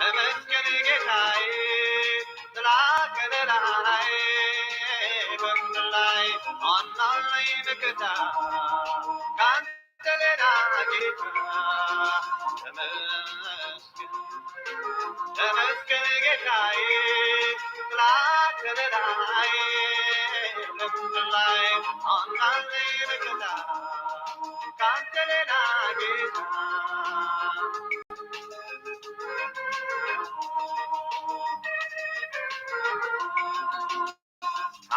ተመስገን ጌታዬ ጥላ ከለላዬ በምድር ላይ ዋናለኝ ንግዳ ከአንተ ሌላ ጌታ ተመስገን ተመስገን ጌታዬ ጥላ ከለላዬ በምድር ላይ ዋናለኝ ንግዳ ከአንተ ሌላ ጌታ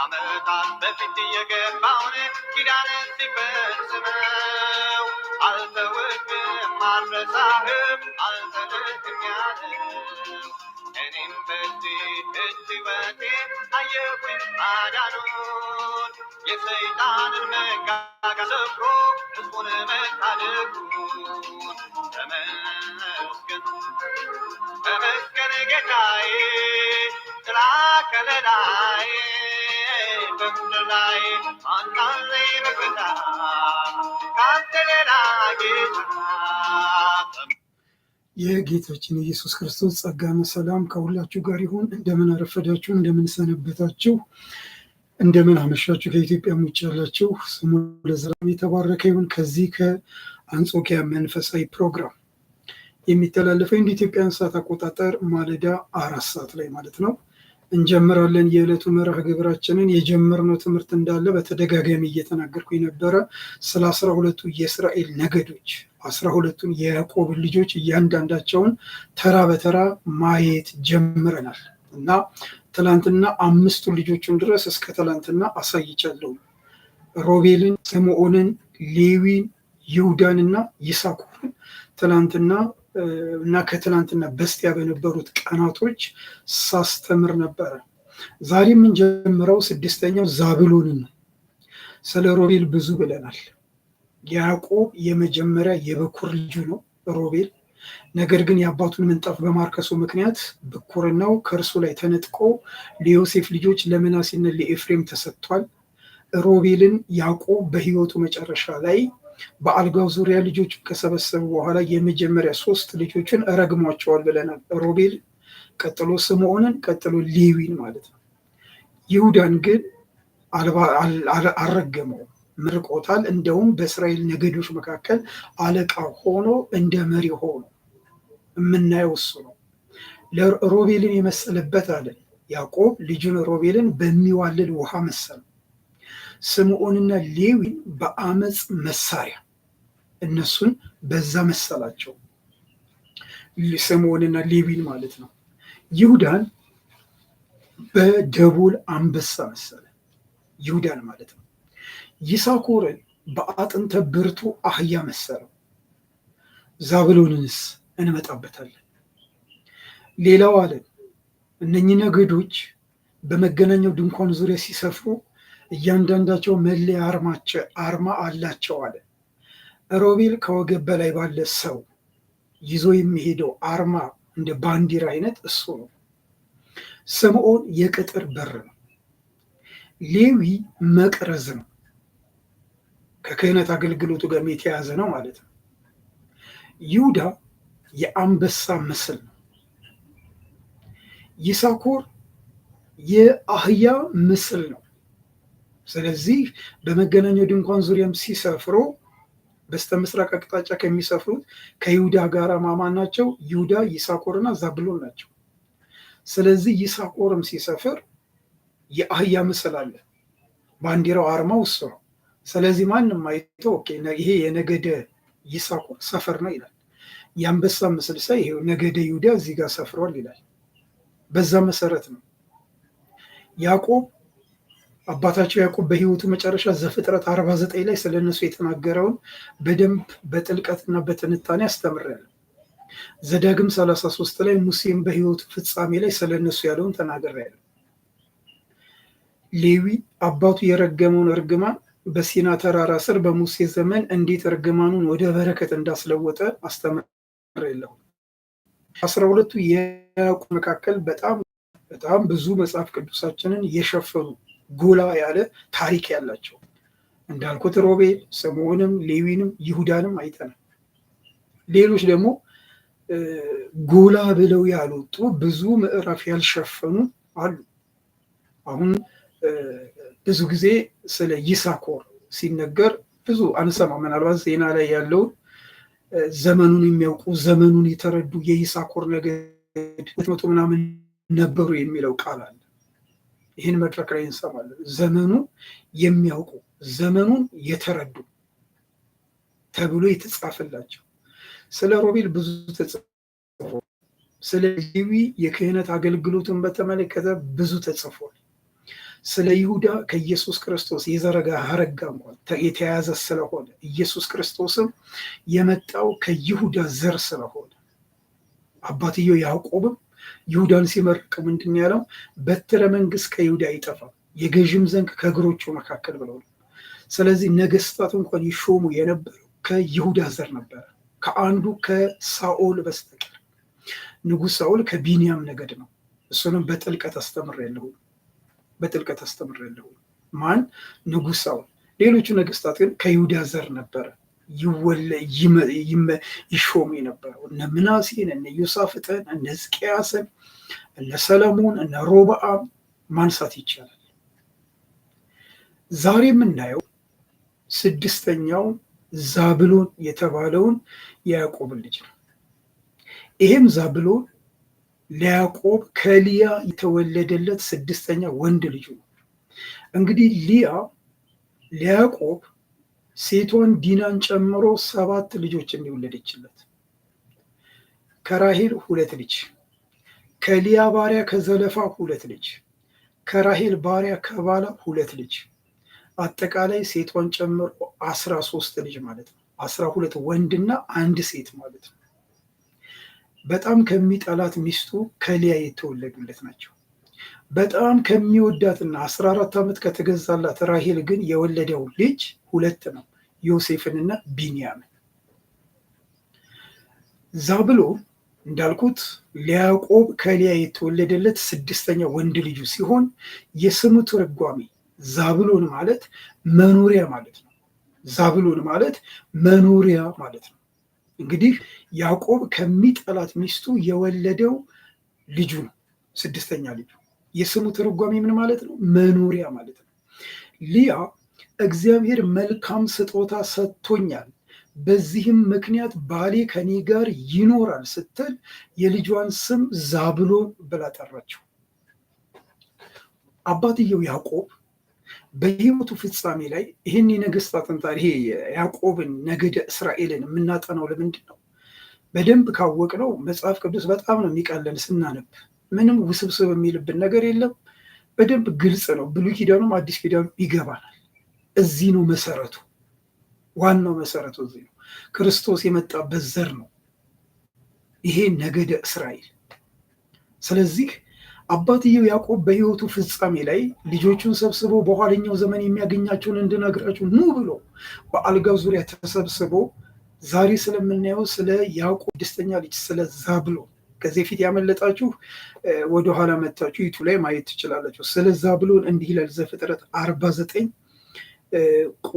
አመታት በፊት የገባውን ኪዳን ሲፈጽመው አልተውህም፣ አልረሳህም፣ አልተለቅም ያለው እኔም በድ እጅ በቴ አየሁኝ አዳኑን የሰይጣንን መጋጋ ሰብሮ ሕዝቡን መታደጉን ተመስገን ተመስገን ጌታዬ ጥላ ከለላዬ በምድር ላይ አንዳንዘይ መግበታ ካንተ ሌላ ጌታ የጌታችን ኢየሱስ ክርስቶስ ጸጋና ሰላም ከሁላችሁ ጋር ይሁን። እንደምን አረፈዳችሁ፣ እንደምን ሰነበታችሁ፣ እንደምን አመሻችሁ። ከኢትዮጵያ ውጭ ያላችሁ ስሙ ለዘላለም የተባረከ ይሁን። ከዚህ ከአንጾኪያ መንፈሳዊ ፕሮግራም የሚተላለፈው እንደ ኢትዮጵያን ሰዓት አቆጣጠር ማለዳ አራት ሰዓት ላይ ማለት ነው እንጀምራለን የዕለቱ መርሃ ግብራችንን። የጀመርነው ትምህርት እንዳለ በተደጋጋሚ እየተናገርኩ የነበረ ስለ አስራ ሁለቱ የእስራኤል ነገዶች አስራ ሁለቱን የያዕቆብ ልጆች እያንዳንዳቸውን ተራ በተራ ማየት ጀምረናል እና ትላንትና አምስቱ ልጆቹን ድረስ እስከ ትላንትና አሳይቻለሁ። ሮቤልን፣ ስምዖንን፣ ሌዊን፣ ይሁዳንና ይሳኮርን ትላንትና እና ከትናንትና በስቲያ በነበሩት ቀናቶች ሳስተምር ነበረ። ዛሬ የምንጀምረው ስድስተኛው ዛብሎንን ነው። ስለ ሮቤል ብዙ ብለናል። ያዕቆብ የመጀመሪያ የበኩር ልጁ ነው ሮቤል። ነገር ግን የአባቱን ምንጣፍ በማርከሱ ምክንያት ብኩርናው ከእርሱ ላይ ተነጥቆ ለዮሴፍ ልጆች ለምናሴና ለኤፍሬም ተሰጥቷል። ሮቤልን ያዕቆብ በሕይወቱ መጨረሻ ላይ በአልጋው ዙሪያ ልጆች ከሰበሰቡ በኋላ የመጀመሪያ ሶስት ልጆችን ረግሟቸዋል ብለናል። ሮቤል፣ ቀጥሎ ስምዖንን፣ ቀጥሎ ሌዊን ማለት ነው። ይሁዳን ግን አልረገመው፣ ምርቆታል እንደውም በእስራኤል ነገዶች መካከል አለቃ ሆኖ እንደ መሪ ሆኖ የምናየው እሱ ነው። ሮቤልን የመሰለበት አለን። ያዕቆብ ልጁን ሮቤልን በሚዋልል ውሃ መሰለው። ስምዖንና ሌዊን በአመፅ መሳሪያ እነሱን በዛ መሰላቸው። ስምዖንና ሌዊን ማለት ነው። ይሁዳን በደቦል አንበሳ መሰለ። ይሁዳን ማለት ነው። ይሳኮርን በአጥንተ ብርቱ አህያ መሰለው። ዛብሎንንስ እንመጣበታለን። ሌላው አለን እነኚህ ነገዶች በመገናኛው ድንኳን ዙሪያ ሲሰፍሩ እያንዳንዳቸው መለያ አርማቸው አርማ አላቸው አለ። ሮቤል ከወገብ በላይ ባለ ሰው ይዞ የሚሄደው አርማ እንደ ባንዲራ አይነት እሱ ነው። ስምዖን የቅጥር በር ነው። ሌዊ መቅረዝ ነው። ከክህነት አገልግሎቱ ጋር የተያዘ ነው ማለት ነው። ይሁዳ የአንበሳ ምስል ነው። ይሳኮር የአህያ ምስል ነው። ስለዚህ በመገናኛው ድንኳን ዙሪያም ሲሰፍሩ በስተ ምስራቅ አቅጣጫ ከሚሰፍሩት ከይሁዳ ጋር ማማን ናቸው። ይሁዳ ይሳኮርና ዛብሎን ናቸው። ስለዚህ ይሳኮርም ሲሰፍር የአህያ ምስል አለ። ባንዲራው አርማው እሱ ነው። ስለዚህ ማንም አይቶ ይሄ የነገደ ይሳኮር ሰፈር ነው ይላል። የአንበሳ ምስል ሳይ ይሄው ነገደ ይሁዳ እዚህ ጋር ሰፍሯል ይላል። በዛ መሰረት ነው ያዕቆብ አባታቸው ያዕቆብ በህይወቱ መጨረሻ ዘፍጥረት 49 ላይ ስለ እነሱ የተናገረውን በደንብ በጥልቀትና በትንታኔ አስተምረን ዘዳግም 33 ላይ ሙሴም በህይወቱ ፍጻሜ ላይ ስለ እነሱ ያለውን ተናግሬያለሁ። ሌዊ አባቱ የረገመውን እርግማን በሲና ተራራ ስር በሙሴ ዘመን እንዴት እርግማኑን ወደ በረከት እንዳስለወጠ አስተምሬያለሁ። አስራ ሁለቱ የያዕቆብ መካከል በጣም በጣም ብዙ መጽሐፍ ቅዱሳችንን የሸፈኑ ጎላ ያለ ታሪክ ያላቸው እንዳልኩት ሮቤል፣ ስምዖንም፣ ሌዊንም ይሁዳንም አይተናል። ሌሎች ደግሞ ጎላ ብለው ያልወጡ ብዙ ምዕራፍ ያልሸፈኑ አሉ። አሁን ብዙ ጊዜ ስለ ይሳኮር ሲነገር ብዙ አንሰማ። ምናልባት ዜና ላይ ያለውን ዘመኑን የሚያውቁ ዘመኑን የተረዱ የይሳኮር ነገድ መቶ ምናምን ነበሩ የሚለው ቃል አለ። ይህን መድረክ ላይ እንሰራለን። ዘመኑን የሚያውቁ ዘመኑን የተረዱ ተብሎ የተጻፈላቸው ስለ ሮቤል ብዙ ተጽፎ፣ ስለ ሌዊ የክህነት አገልግሎትን በተመለከተ ብዙ ተጽፏል። ስለ ይሁዳ ከኢየሱስ ክርስቶስ የዘረጋ ሀረጋ እንኳን የተያዘ ስለሆነ ኢየሱስ ክርስቶስም የመጣው ከይሁዳ ዘር ስለሆነ አባትየው ያዕቆብም ይሁዳን ሲመርቅ ምንድን ያለው በትረ መንግስት ከይሁዳ አይጠፋም፣ የገዥም ዘንግ ከእግሮቹ መካከል ብለው ነው። ስለዚህ ነገስታት እንኳን ይሾሙ የነበረው ከይሁዳ ዘር ነበረ፣ ከአንዱ ከሳኦል በስተቀር። ንጉሥ ሳኦል ከቢንያም ነገድ ነው። እሱንም በጥልቀት አስተምር በጥልቀት አስተምር ማን ንጉሥ ሳኦል። ሌሎቹ ነገስታት ግን ከይሁዳ ዘር ነበረ። ይሾሙ የነበረው እነ ምናሴን፣ እነ ዮሳፍጥን፣ እነ ሕዝቅያስን፣ እነ ሰለሞን፣ እነ ሮብዓም ማንሳት ይቻላል። ዛሬ የምናየው ስድስተኛው ዛብሎን የተባለውን የያዕቆብን ልጅ ነው። ይሄም ዛብሎን ለያዕቆብ ከሊያ የተወለደለት ስድስተኛ ወንድ ልጁ ነው። እንግዲህ ሊያ ለያዕቆብ ሴቷን ዲናን ጨምሮ ሰባት ልጆች እንዲወለደችለት ከራሄል ሁለት ልጅ ከሊያ ባሪያ ከዘለፋ ሁለት ልጅ ከራሄል ባሪያ ከባላ ሁለት ልጅ አጠቃላይ ሴቷን ጨምሮ አስራ ሶስት ልጅ ማለት ነው። አስራ ሁለት ወንድና አንድ ሴት ማለት ነው። በጣም ከሚጠላት ሚስቱ ከሊያ የተወለዱለት ናቸው። በጣም ከሚወዳትና አስራ አራት ዓመት ከተገዛላት ራሄል ግን የወለደው ልጅ ሁለት ነው፣ ዮሴፍንና ቢንያምን። ዛብሎ እንዳልኩት ለያዕቆብ ከሊያ የተወለደለት ስድስተኛ ወንድ ልጁ ሲሆን የስሙ ትርጓሜ ዛብሎን ማለት መኖሪያ ማለት ነው። ዛብሎን ማለት መኖሪያ ማለት ነው። እንግዲህ ያዕቆብ ከሚጠላት ሚስቱ የወለደው ልጁ ነው፣ ስድስተኛ ልጁ የስሙ ትርጓሜ ምን ማለት ነው? መኖሪያ ማለት ነው። ሊያ እግዚአብሔር መልካም ስጦታ ሰጥቶኛል፣ በዚህም ምክንያት ባሌ ከኔ ጋር ይኖራል ስትል የልጇን ስም ዛብሎን ብላ ጠራችው። አባትየው ያዕቆብ በህይወቱ ፍጻሜ ላይ ይህን የነገስታትን ታሪክ ይሄ ያዕቆብን ነገደ እስራኤልን የምናጠናው ለምንድን ነው? በደንብ ካወቅነው መጽሐፍ ቅዱስ በጣም ነው የሚቀለን ስናነብ ምንም ውስብስብ የሚልብን ነገር የለም። በደንብ ግልጽ ነው። ብሉይ ኪዳኑም አዲስ ኪዳኑ ይገባናል። እዚህ ነው መሰረቱ፣ ዋናው መሰረቱ እዚህ ነው። ክርስቶስ የመጣበት ዘር ነው ይሄ ነገደ እስራኤል። ስለዚህ አባትየው ያዕቆብ በሕይወቱ ፍጻሜ ላይ ልጆቹን ሰብስቦ በኋለኛው ዘመን የሚያገኛቸውን እንድነግራችሁ ኑ ብሎ በአልጋ ዙሪያ ተሰብስቦ ዛሬ ስለምናየው ስለ ያዕቆብ ስድስተኛ ልጅ ስለ ዛብሎን ከዚህ ፊት ያመለጣችሁ ወደኋላ መታችሁ ዩቱ ላይ ማየት ትችላላችሁ። ስለዛ ብሎን እንዲህ ይላል ዘፍጥረት አርባ ዘጠኝ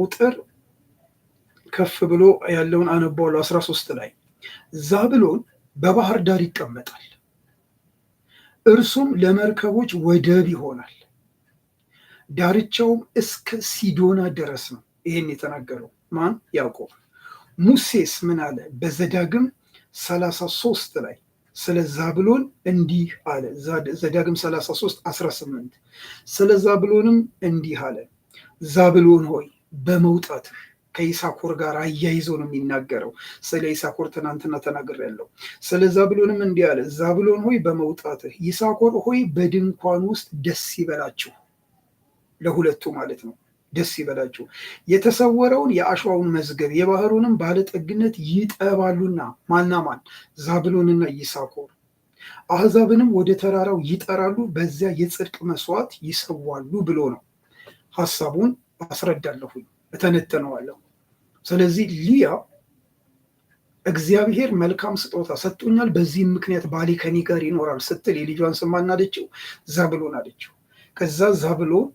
ቁጥር ከፍ ብሎ ያለውን አነባዋለሁ። አስራ ሶስት ላይ ዛብሎን በባህር ዳር ይቀመጣል፣ እርሱም ለመርከቦች ወደብ ይሆናል፣ ዳርቻውም እስከ ሲዶና ድረስ ነው። ይህን የተናገረው ማን? ያዕቆብ። ሙሴስ ምን አለ? በዘዳግም ሰላሳ ሶስት ላይ ስለ ዛብሎን እንዲህ አለ። ዘዳግም 33 18 ስለ ዛብሎንም እንዲህ አለ፣ ዛብሎን ሆይ በመውጣትህ ከኢሳኮር ጋር አያይዞ ነው የሚናገረው። ስለ ኢሳኮር ትናንትና ተናግር ያለው ስለ ዛብሎንም እንዲህ አለ፣ ዛብሎን ሆይ በመውጣትህ ይሳኮር ሆይ በድንኳን ውስጥ ደስ ይበላችሁ። ለሁለቱ ማለት ነው ደስ ይበላችሁ። የተሰወረውን የአሸዋውን መዝገብ የባህሩንም ባለጠግነት ይጠባሉና ማና ማን ዛብሎንና ይሳኮር አህዛብንም ወደ ተራራው ይጠራሉ፣ በዚያ የጽድቅ መስዋዕት ይሰዋሉ ብሎ ነው። ሀሳቡን አስረዳለሁኝ፣ እተነተነዋለሁ። ስለዚህ ሊያ እግዚአብሔር መልካም ስጦታ ሰጥቶኛል፣ በዚህም ምክንያት ባሌ ከኔ ጋር ይኖራል ስትል የልጇን ስም አናለችው ዛብሎን አለችው። ከዛ ዛብሎን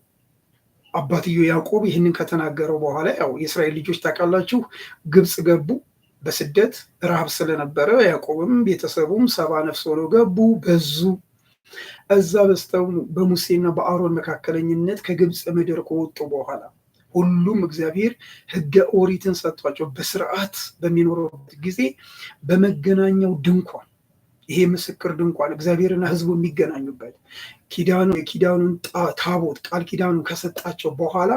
አባትዮ ያዕቆብ ይህንን ከተናገረው በኋላ ያው የእስራኤል ልጆች ታውቃላችሁ ግብፅ ገቡ በስደት ረሃብ ስለነበረ ያዕቆብም ቤተሰቡም ሰባ ነፍስ ሆነው ገቡ በዙ። እዛ በስተው በሙሴና በአሮን መካከለኝነት ከግብፅ ምድር ከወጡ በኋላ ሁሉም እግዚአብሔር ሕገ ኦሪትን ሰጥቷቸው በስርዓት በሚኖረበት ጊዜ በመገናኛው ድንኳን ይሄ ምስክር ድንኳን እግዚአብሔርና ህዝቡ የሚገናኙበት ኪዳኑ የኪዳኑን ታቦት ቃል ኪዳኑ ከሰጣቸው በኋላ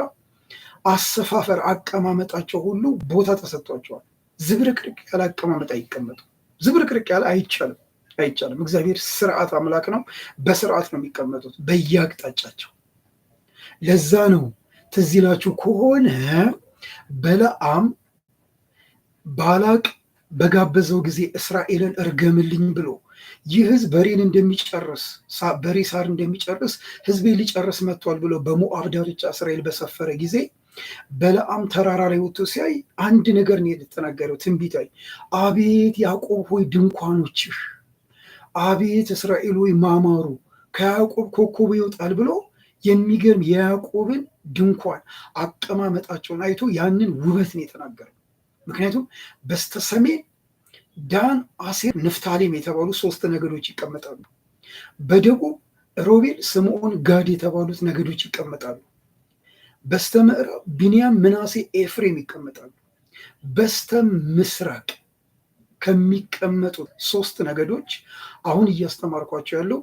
አሰፋፈር አቀማመጣቸው ሁሉ ቦታ ተሰጥቷቸዋል። ዝብርቅርቅ ያለ አቀማመጥ አይቀመጡ። ዝብርቅርቅ ያለ አይቻልም፣ አይቻልም። እግዚአብሔር ስርዓት አምላክ ነው። በስርዓት ነው የሚቀመጡት በየአቅጣጫቸው። ለዛ ነው ትዝ ይላችሁ ከሆነ በለዓም ባላቅ በጋበዘው ጊዜ እስራኤልን እርገምልኝ ብሎ ይህ ህዝብ በሬን እንደሚጨርስ በሬ ሳር እንደሚጨርስ ህዝቤ ሊጨርስ መጥቷል ብሎ በሞአብ ዳርቻ እስራኤል በሰፈረ ጊዜ በለዓም ተራራ ላይ ወጥቶ ሲያይ አንድ ነገር ነው የተናገረው፣ ትንቢታዊ። አቤት ያዕቆብ ሆይ ድንኳኖችህ፣ አቤት እስራኤል ሆይ ማማሩ፣ ከያዕቆብ ኮከቡ ይወጣል ብሎ የሚገርም የያዕቆብን ድንኳን አቀማመጣቸውን አይቶ ያንን ውበት ነው የተናገረው። ምክንያቱም በስተሰሜን ዳን፣ አሴር፣ ንፍታሌም የተባሉ ሶስት ነገዶች ይቀመጣሉ። በደቡብ ሮቤል፣ ስምዖን፣ ጋድ የተባሉት ነገዶች ይቀመጣሉ። በስተ ምዕራብ ቢንያም፣ ምናሴ፣ ኤፍሬም ይቀመጣሉ። በስተ ምስራቅ ከሚቀመጡት ሶስት ነገዶች አሁን እያስተማርኳቸው ያለው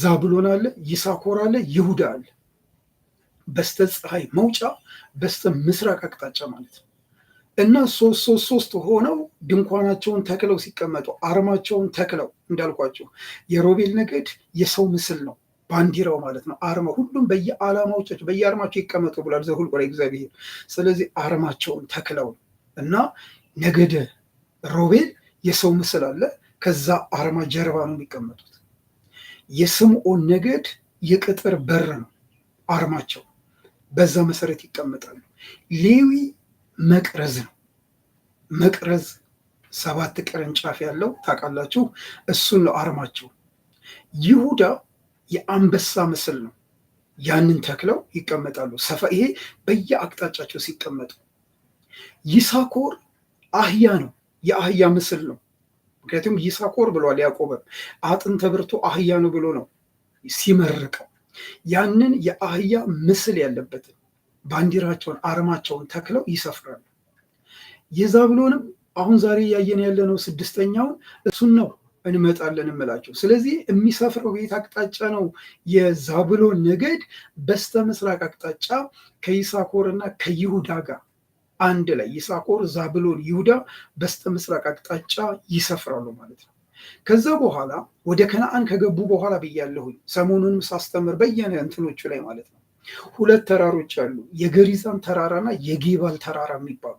ዛብሎን አለ፣ ይሳኮር አለ፣ ይሁዳ አለ። በስተ ፀሐይ መውጫ በስተ ምስራቅ አቅጣጫ ማለት ነው። እና ሶስት ሶስት ሶስት ሆነው ድንኳናቸውን ተክለው ሲቀመጡ አርማቸውን ተክለው እንዳልኳቸው የሮቤል ነገድ የሰው ምስል ነው ባንዲራው ማለት ነው። አርማ ሁሉም በየዓላማዎቻቸው በየአርማቸው ይቀመጡ ብሏል ዘኍልቍ እግዚአብሔር። ስለዚህ አርማቸውን ተክለው እና ነገደ ሮቤል የሰው ምስል አለ። ከዛ አርማ ጀርባ ነው የሚቀመጡት። የስምዖን ነገድ የቅጥር በር ነው አርማቸው፣ በዛ መሰረት ይቀመጣሉ። ሌዊ መቅረዝ ነው። መቅረዝ ሰባት ቅርንጫፍ ያለው ታውቃላችሁ፣ እሱን ነው አርማቸው። ይሁዳ የአንበሳ ምስል ነው። ያንን ተክለው ይቀመጣሉ። ሰፋ ይሄ በየአቅጣጫቸው ሲቀመጡ፣ ይሳኮር አህያ ነው፣ የአህያ ምስል ነው። ምክንያቱም ይሳኮር ብሏል ያዕቆብም አጥንተ ብርቱ አህያ ነው ብሎ ነው ሲመርቀው ያንን የአህያ ምስል ያለበትን ባንዲራቸውን አርማቸውን ተክለው ይሰፍራሉ። የዛብሎንም አሁን ዛሬ እያየን ያለነው ስድስተኛውን እሱን ነው እንመጣለን እምላቸው። ስለዚህ የሚሰፍረው ቤት አቅጣጫ ነው። የዛብሎን ነገድ በስተ ምስራቅ አቅጣጫ ከይሳኮር እና ከይሁዳ ጋር አንድ ላይ ይሳኮር፣ ዛብሎን፣ ይሁዳ በስተ ምስራቅ አቅጣጫ ይሰፍራሉ ማለት ነው። ከዛ በኋላ ወደ ከነአን ከገቡ በኋላ ብያለሁኝ ሰሞኑንም ሳስተምር በየነ እንትኖቹ ላይ ማለት ነው ሁለት ተራሮች አሉ። የገሪዛን ተራራና የጌባል ተራራ የሚባሉ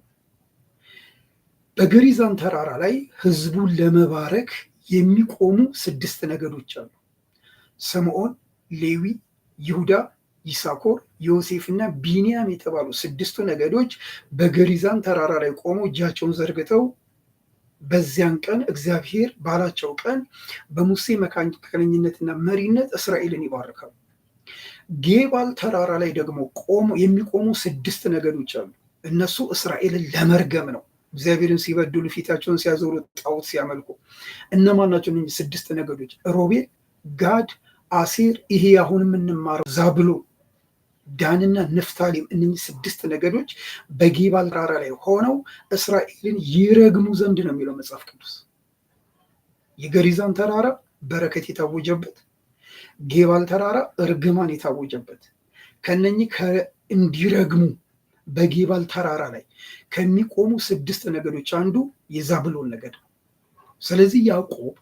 በገሪዛን ተራራ ላይ ህዝቡን ለመባረክ የሚቆሙ ስድስት ነገዶች አሉ። ስምዖን፣ ሌዊ፣ ይሁዳ፣ ይሳኮር፣ ዮሴፍ እና ቢንያም የተባሉ ስድስቱ ነገዶች በገሪዛን ተራራ ላይ ቆመው እጃቸውን ዘርግተው በዚያን ቀን እግዚአብሔር ባላቸው ቀን በሙሴ መካከለኝነትና መሪነት እስራኤልን ይባርካሉ። ጌባል ተራራ ላይ ደግሞ ቆሞ የሚቆሙ ስድስት ነገዶች አሉ። እነሱ እስራኤልን ለመርገም ነው። እግዚአብሔርን ሲበድሉ ፊታቸውን ሲያዞሩ ጣዖት ሲያመልኩ እነማን ናቸው? ስድስት ነገዶች ሮቤል፣ ጋድ፣ አሴር ይሄ አሁን የምንማረው ዛብሎ ዳንና ንፍታሌም እነኚህ ስድስት ነገዶች በጌባል ተራራ ላይ ሆነው እስራኤልን ይረግሙ ዘንድ ነው የሚለው መጽሐፍ ቅዱስ። የገሪዛን ተራራ በረከት የታወጀበት ጌባል ተራራ እርግማን የታወጀበት ከነኚህ እንዲረግሙ በጌባል ተራራ ላይ ከሚቆሙ ስድስት ነገዶች አንዱ የዛብሎን ነገድ ነው። ስለዚህ ያዕቆብ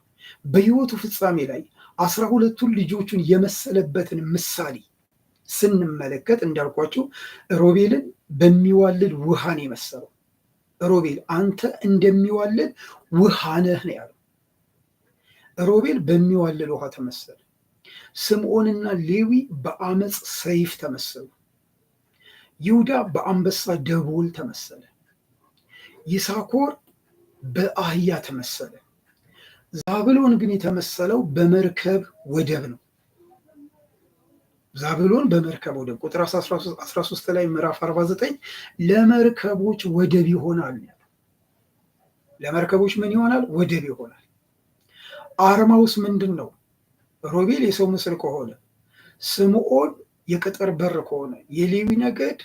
በሕይወቱ ፍጻሜ ላይ አስራ ሁለቱን ልጆቹን የመሰለበትን ምሳሌ ስንመለከት እንዳልኳቸው ሮቤልን በሚዋልድ ውሃ የመሰለው። ሮቤል አንተ እንደሚዋልድ ውሃ ነህ ነው ያለው። ሮቤል በሚዋልድ ውሃ ተመሰለ። ስምዖንና ሌዊ በአመፅ ሰይፍ ተመሰሉ። ይሁዳ በአንበሳ ደቦል ተመሰለ። ይሳኮር በአህያ ተመሰለ። ዛብሎን ግን የተመሰለው በመርከብ ወደብ ነው። ዛብሎን በመርከብ ወደብ ቁጥር 13 ላይ ምዕራፍ 49 ለመርከቦች ወደብ ይሆናል። ለመርከቦች ምን ይሆናል? ወደብ ይሆናል። አርማውስ ምንድን ነው? ሮቤል የሰው ምስል ከሆነ ስምዖን የቅጥር በር ከሆነ የሌዊ ነገድ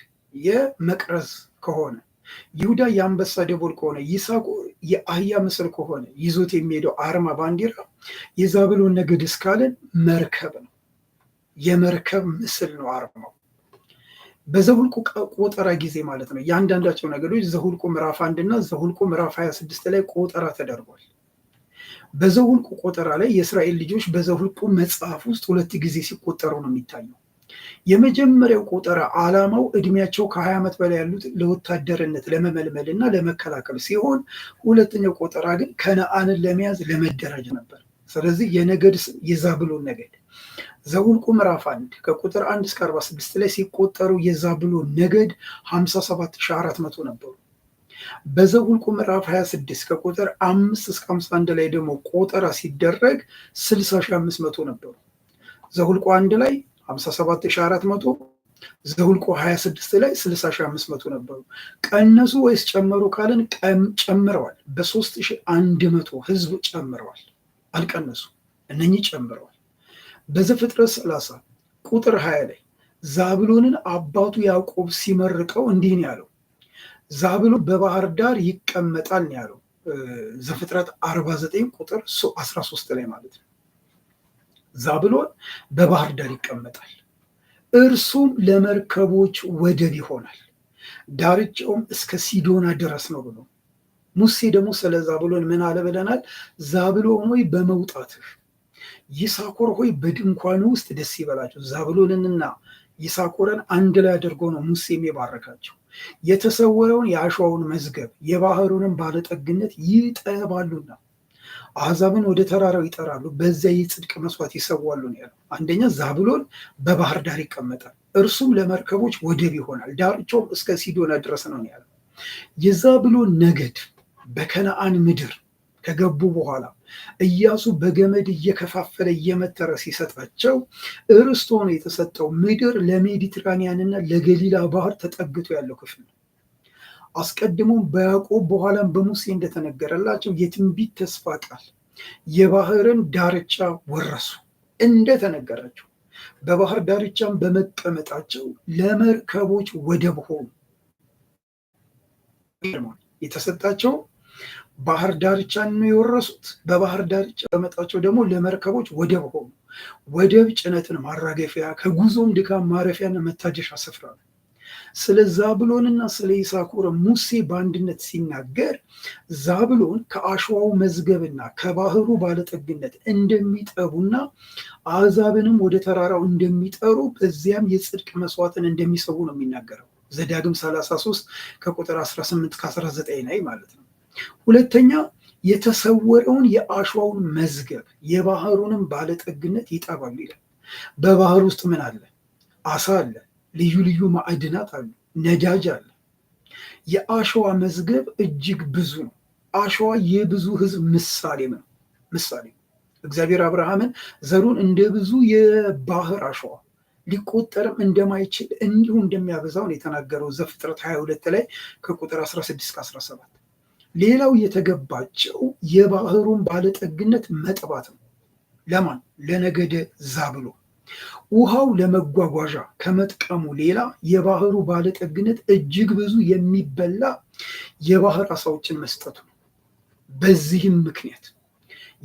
የመቅረዝ ከሆነ ይሁዳ የአንበሳ ደቦል ከሆነ ይሳኮር የአህያ ምስል ከሆነ ይዞት የሚሄደው አርማ ባንዲራ የዛብሎን ነገድ እስካለን መርከብ ነው። የመርከብ ምስል ነው አርማው። በዘሁልቁ ቆጠራ ጊዜ ማለት ነው የአንዳንዳቸው ነገዶች ዘሁልቁ ምዕራፍ አንድ እና ዘሁልቁ ምዕራፍ 26 ላይ ቆጠራ ተደርጓል። በዘውልቁ ቆጠራ ላይ የእስራኤል ልጆች በዘውልቁ መጽሐፍ ውስጥ ሁለት ጊዜ ሲቆጠሩ ነው የሚታየው። የመጀመሪያው ቆጠራ ዓላማው እድሜያቸው ከ ዓመት በላይ ያሉት ለወታደርነት ለመመልመል እና ለመከላከል ሲሆን፣ ሁለተኛው ቆጠራ ግን ከነአንን ለመያዝ ለመደራጅ ነበር። ስለዚህ የነገድ የዛብሎን ነገድ ዘውልቁ ምዕራፍ አንድ ከቁጥር 1 እስከ 46 ላይ ሲቆጠሩ የዛብሎን ነገድ መቶ ነበሩ። በዘውልቁ ምዕራፍ 26 ከቁጥር አምስት እስከ 51 ላይ ደግሞ ቆጠራ ሲደረግ 60500 ነበሩ። ዘውልቁ አንድ ላይ 57400፣ ዘውልቁ 26 ላይ 60500 ነበሩ። ቀነሱ ወይስ ጨመሩ ካልን ጨምረዋል። በ3100 ህዝብ ጨምረዋል። አልቀነሱ እነኚህ ጨምረዋል። በዘፍጥረት 30 ቁጥር 20 ላይ ዛብሎንን አባቱ ያዕቆብ ሲመርቀው እንዲህ ያለው ዛብሎን በባህር ዳር ይቀመጣል ያለው ዘፍጥረት 49 ቁጥር 13 ላይ ማለት ነው። ዛብሎን በባህር ዳር ይቀመጣል፣ እርሱም ለመርከቦች ወደብ ይሆናል፣ ዳርቻውም እስከ ሲዶና ድረስ ነው ብሎ ሙሴ ደግሞ ስለ ዛብሎን ምን አለ ብለናል? ዛብሎን ሆይ በመውጣትህ ይሳኮር ሆይ በድንኳን ውስጥ ደስ ይበላቸው። ዛብሎንንና ይሳኮረን አንድ ላይ አድርጎ ነው ሙሴም የባረካቸው። የተሰወረውን የአሸዋውን መዝገብ የባህሩንም ባለጠግነት ይጠባሉና አሕዛብን ወደ ተራራው ይጠራሉ፣ በዚያ የጽድቅ መስዋዕት ይሰዋሉ ነው ያለው። አንደኛ ዛብሎን በባህር ዳር ይቀመጣል፣ እርሱም ለመርከቦች ወደብ ይሆናል፣ ዳርቻውም እስከ ሲዶና ድረስ ነው ያለው። የዛብሎን ነገድ በከነአን ምድር ከገቡ በኋላ እያሱ በገመድ እየከፋፈለ እየመተረ ሲሰጣቸው እርስት ሆኖ የተሰጠው ምድር ለሜዲትራኒያንና ለገሊላ ባህር ተጠግቶ ያለው ክፍል ነው። አስቀድሞም በያዕቆብ በኋላም በሙሴ እንደተነገረላቸው የትንቢት ተስፋ ቃል የባህርን ዳርቻ ወረሱ እንደተነገራቸው በባህር ዳርቻም በመቀመጣቸው ለመርከቦች ወደብ ሆኑ የተሰጣቸው ባህር ዳርቻን ነው የወረሱት። በባህር ዳርቻ በመጣቸው ደግሞ ለመርከቦች ወደብ ሆኑ። ወደብ ጭነትን ማራገፊያ ከጉዞም ድካም ማረፊያና መታደሻ ስፍራ ነው። ስለ ዛብሎንና ስለ ይሳኮር ሙሴ በአንድነት ሲናገር ዛብሎን ከአሸዋው መዝገብና ከባህሩ ባለጠግነት እንደሚጠቡና አሕዛብንም ወደ ተራራው እንደሚጠሩ በዚያም የጽድቅ መስዋዕትን እንደሚሰዉ ነው የሚናገረው። ዘዳግም 33 ከቁጥር 18 ከ19 ላይ ማለት ነው። ሁለተኛ የተሰወረውን የአሸዋውን መዝገብ የባህሩንም ባለጠግነት ይጠባል ይላል። በባህር ውስጥ ምን አለ? አሳ አለ፣ ልዩ ልዩ ማዕድናት አሉ፣ ነዳጅ አለ። የአሸዋ መዝገብ እጅግ ብዙ ነው። አሸዋ የብዙ ህዝብ ምሳሌ ነው። ምሳሌ እግዚአብሔር አብርሃምን ዘሩን እንደ ብዙ የባህር አሸዋ ሊቆጠርም እንደማይችል እንዲሁ እንደሚያበዛውን የተናገረው ዘፍጥረት 22 ላይ ከቁጥር 16 17 ሌላው የተገባቸው የባህሩን ባለጠግነት መጠባት ነው። ለማን ለነገደ ዛብሎ ውሃው ለመጓጓዣ ከመጥቀሙ ሌላ የባህሩ ባለጠግነት እጅግ ብዙ የሚበላ የባህር አሳዎችን መስጠቱ ነው። በዚህም ምክንያት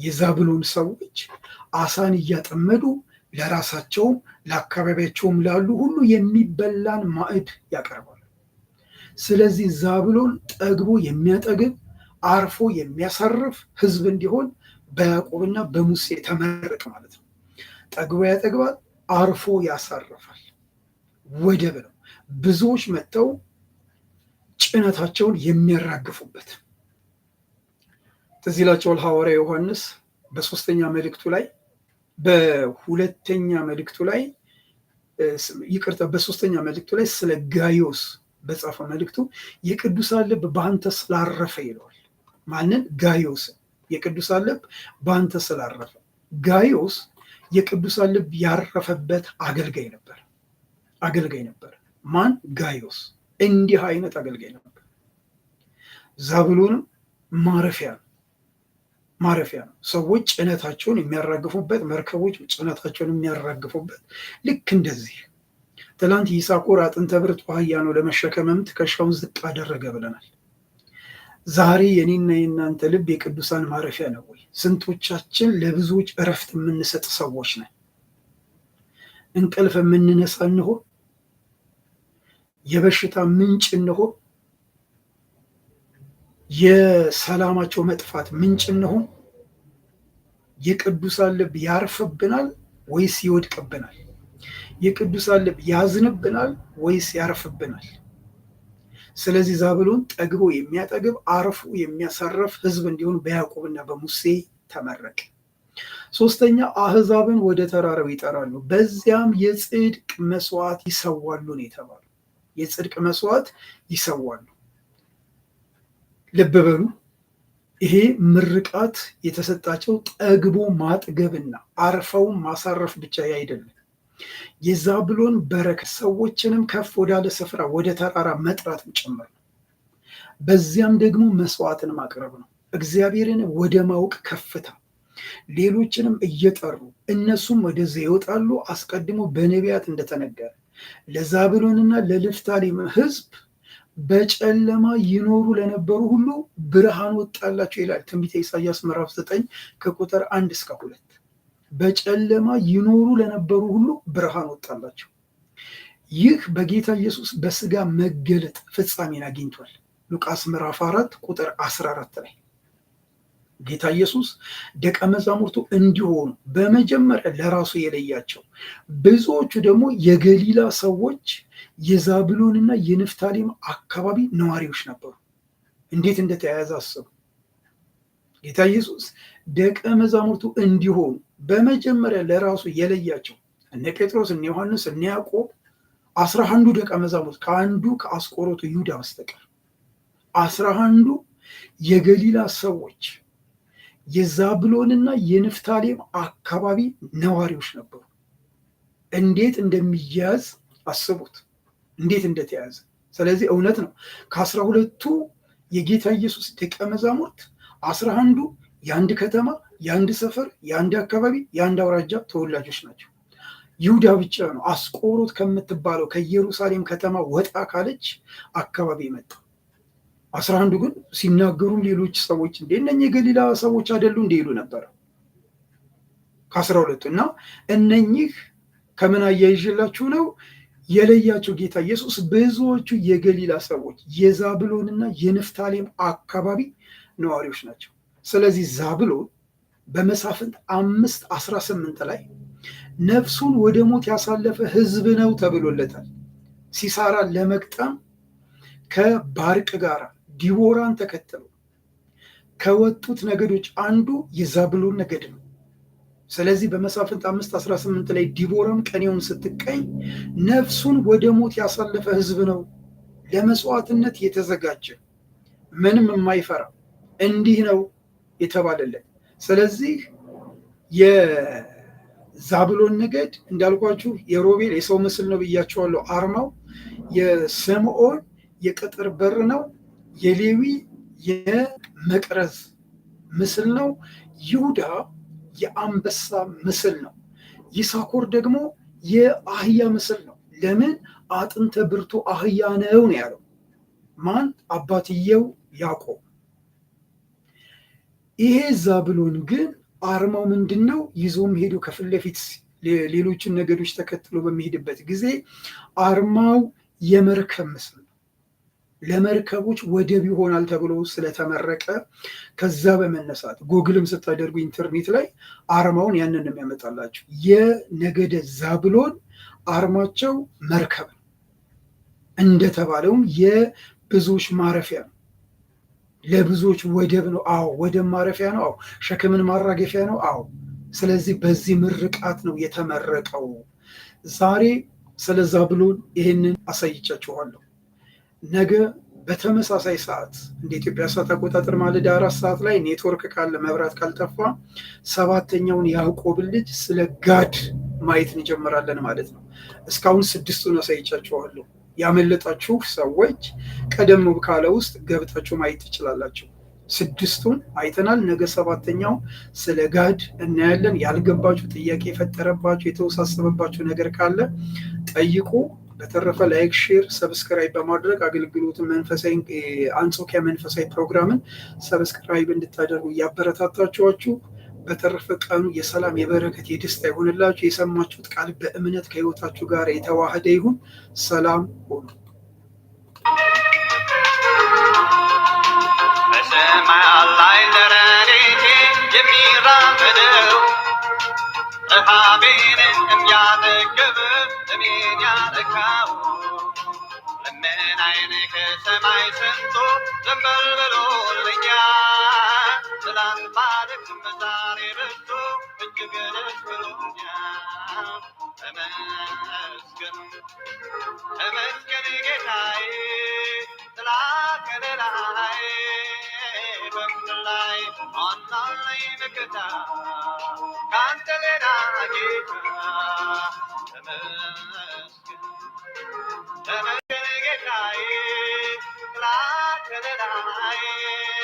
የዛብሎን ሰዎች አሳን እያጠመዱ ለራሳቸውም ለአካባቢያቸውም ላሉ ሁሉ የሚበላን ማዕድ ያቀርባል። ስለዚህ ዛብሎን ጠግቦ የሚያጠግብ አርፎ የሚያሳርፍ ህዝብ እንዲሆን በያዕቆብና በሙሴ ተመረቅ ማለት ነው። ጠግቦ ያጠግባል፣ አርፎ ያሳርፋል። ወደብ ነው። ብዙዎች መጥተው ጭነታቸውን የሚያራግፉበት ትዝ ይላቸዋል። ሐዋርያ ዮሐንስ በሶስተኛ መልእክቱ ላይ በሁለተኛ መልእክቱ ላይ ይቅርታ፣ በሶስተኛ መልእክቱ ላይ ስለ ጋዮስ በጻፈ መልእክቱ የቅዱሳን ልብ በአንተ ስላረፈ ይለዋል። ማንን? ጋዮስ። የቅዱሳን ልብ በአንተ ስላረፈ። ጋዮስ የቅዱሳን ልብ ያረፈበት አገልጋይ ነበር። አገልጋይ ነበር። ማን? ጋዮስ። እንዲህ አይነት አገልጋይ ነበር። ዛብሎንም ማረፊያ ነው ማረፊያ ነው። ሰዎች ጭነታቸውን የሚያራግፉበት መርከቦች ጭነታቸውን የሚያራግፉበት ልክ እንደዚህ ትላንት ይሳኮር አጥንተ ብርት ባህያ ነው ለመሸከምም ትከሻውን ዝቅ አደረገ ብለናል። ዛሬ የኔና የእናንተ ልብ የቅዱሳን ማረፊያ ነው ወይ? ስንቶቻችን ለብዙዎች እረፍት የምንሰጥ ሰዎች ነን? እንቅልፍ የምንነሳ እንሆ? የበሽታ ምንጭ እንሆ? የሰላማቸው መጥፋት ምንጭ እንሆን? የቅዱሳን ልብ ያርፍብናል ወይስ ይወድቅብናል? የቅዱሳን ልብ ያዝንብናል ወይስ ያርፍብናል? ስለዚህ ዛብሎን ጠግቦ የሚያጠግብ አርፎ የሚያሳረፍ ህዝብ እንዲሆን በያዕቆብና በሙሴ ተመረቀ። ሶስተኛ አህዛብን ወደ ተራራው ይጠራሉ፣ በዚያም የጽድቅ መስዋዕት ይሰዋሉ ነው የተባሉ። የጽድቅ መስዋዕት ይሰዋሉ። ልብ በሉ። ይሄ ምርቃት የተሰጣቸው ጠግቦ ማጥገብና አርፈው ማሳረፍ ብቻ አይደለም። የዛብሎን በረከት ሰዎችንም ከፍ ወዳለ ስፍራ ወደ ተራራ መጥራትን ጭምር ነው። በዚያም ደግሞ መስዋዕትን ማቅረብ ነው። እግዚአብሔርን ወደ ማወቅ ከፍታ ሌሎችንም እየጠሩ እነሱም ወደዚያ ይወጣሉ። አስቀድሞ በነቢያት እንደተነገረ ለዛብሎንና ለንፍታሌም ሕዝብ በጨለማ ይኖሩ ለነበሩ ሁሉ ብርሃን ወጣላቸው ይላል ትንቢተ ኢሳያስ ምዕራፍ 9 ከቁጥር አንድ እስከ ሁለት በጨለማ ይኖሩ ለነበሩ ሁሉ ብርሃን ወጣላቸው። ይህ በጌታ ኢየሱስ በስጋ መገለጥ ፍጻሜን አግኝቷል። ሉቃስ ምዕራፍ 4 ቁጥር 14 ላይ ጌታ ኢየሱስ ደቀ መዛሙርቱ እንዲሆኑ በመጀመሪያ ለራሱ የለያቸው፣ ብዙዎቹ ደግሞ የገሊላ ሰዎች የዛብሎንና የንፍታሌም አካባቢ ነዋሪዎች ነበሩ። እንዴት እንደተያያዘ አስቡ። ጌታ ኢየሱስ ደቀ መዛሙርቱ እንዲሆኑ በመጀመሪያ ለራሱ የለያቸው እነ ጴጥሮስ እነ ዮሐንስ እነ ያዕቆብ አስራ አንዱ ደቀ መዛሙርት ከአንዱ ከአስቆሮቱ ይሁዳ በስተቀር አስራ አንዱ የገሊላ ሰዎች የዛብሎንና የንፍታሌም አካባቢ ነዋሪዎች ነበሩ። እንዴት እንደሚያያዝ አስቡት፣ እንዴት እንደተያያዘ። ስለዚህ እውነት ነው ከአስራ ሁለቱ የጌታ ኢየሱስ ደቀ መዛሙርት አስራ አንዱ የአንድ ከተማ፣ የአንድ ሰፈር፣ የአንድ አካባቢ፣ የአንድ አውራጃ ተወላጆች ናቸው። ይሁዳ ብቻ ነው አስቆሮት ከምትባለው ከኢየሩሳሌም ከተማ ወጣ ካለች አካባቢ መጣ። አስራ አንዱ ግን ሲናገሩ ሌሎች ሰዎች እንደ እነኚህ የገሊላ ሰዎች አይደሉ እንደ ይሉ ነበረ። ከአስራ ሁለቱ እና እነኚህ ከምን አያይዥላችሁ ነው የለያቸው ጌታ ኢየሱስ ብዙዎቹ የገሊላ ሰዎች የዛብሎንና የንፍታሌም አካባቢ ነዋሪዎች ናቸው። ስለዚህ ዛብሎን በመሳፍንት አምስት አስራ ስምንት ላይ ነፍሱን ወደ ሞት ያሳለፈ ህዝብ ነው ተብሎለታል። ሲሳራ ለመግጠም ከባርቅ ጋር ዲቦራን ተከትሎ ከወጡት ነገዶች አንዱ የዛብሎን ነገድ ነው። ስለዚህ በመሳፍንት አምስት አስራ ስምንት ላይ ዲቦራም ቀኔውን ስትቀኝ ነፍሱን ወደ ሞት ያሳለፈ ህዝብ ነው ለመስዋዕትነት የተዘጋጀ ምንም የማይፈራ እንዲህ ነው የተባለለት። ስለዚህ የዛብሎን ነገድ እንዳልኳችሁ የሮቤል የሰው ምስል ነው ብያቸዋለሁ፣ አርማው የስምዖን የቅጥር በር ነው። የሌዊ የመቅረዝ ምስል ነው። ይሁዳ የአንበሳ ምስል ነው። ይሳኮር ደግሞ የአህያ ምስል ነው። ለምን አጥንተ ብርቱ አህያ ነው ነው ያለው ማን አባትየው ያዕቆብ ይሄ ዛብሎን ግን አርማው ምንድን ነው? ይዞም ሄዶ ከፊት ለፊት ሌሎችን ነገዶች ተከትሎ በሚሄድበት ጊዜ አርማው የመርከብ ምስል ነው። ለመርከቦች ወደብ ይሆናል ተብሎ ስለተመረቀ ከዛ በመነሳት ጎግልም ስታደርጉ ኢንተርኔት ላይ አርማውን ያንን የሚያመጣላቸው የነገደ ዛብሎን አርማቸው መርከብ ነው። እንደተባለውም የብዙዎች ማረፊያ ነው። ለብዙዎች ወደብ ነው። አዎ ወደብ ማረፊያ ነው። አዎ ሸክምን ማራገፊያ ነው። አዎ ስለዚህ በዚህ ምርቃት ነው የተመረቀው። ዛሬ ስለዛ ብሎ ይህንን አሳይቻችኋለሁ። ነገ በተመሳሳይ ሰዓት እንደ ኢትዮጵያ ሰዓት አቆጣጠር ማለዳ አራት ሰዓት ላይ ኔትወርክ ካለ መብራት ካልጠፋ ሰባተኛውን ያዕቆብን ልጅ ስለ ጋድ ማየት እንጀምራለን ማለት ነው። እስካሁን ስድስቱን አሳይቻችኋለሁ። ያመለጣችሁ ሰዎች ቀደም ካለ ውስጥ ገብታችሁ ማየት ትችላላችሁ። ስድስቱን አይተናል። ነገ ሰባተኛው ስለ ጋድ እናያለን። ያልገባችሁ ጥያቄ የፈጠረባችሁ የተወሳሰበባችሁ ነገር ካለ ጠይቁ። በተረፈ ላይክ፣ ሼር፣ ሰብስክራይብ በማድረግ አገልግሎትን መንፈሳዊ አንጾኪያ መንፈሳዊ ፕሮግራምን ሰብስክራይብ እንድታደርጉ እያበረታታችኋችሁ በተረፈ ቀኑ የሰላም የበረከት የደስታ ይሆንላችሁ። የሰማችሁት ቃል በእምነት ከህይወታችሁ ጋር የተዋህደ ይሁን። ሰላም ሁኑ። በሰማይ የሚያጠግብ እኔን ምን አይን ከሰማይ ሰንቶ ዘንበል ብሎልኛል። ትላንት ባደክም ዛሬ በርቶ እጅግ ደክሞኛል። ተመስገን ተመስገን ጌታዬ ስላከለላዬ በምድር ላይ አናለኝ ሌላ ጌታ காயே ராகதராயே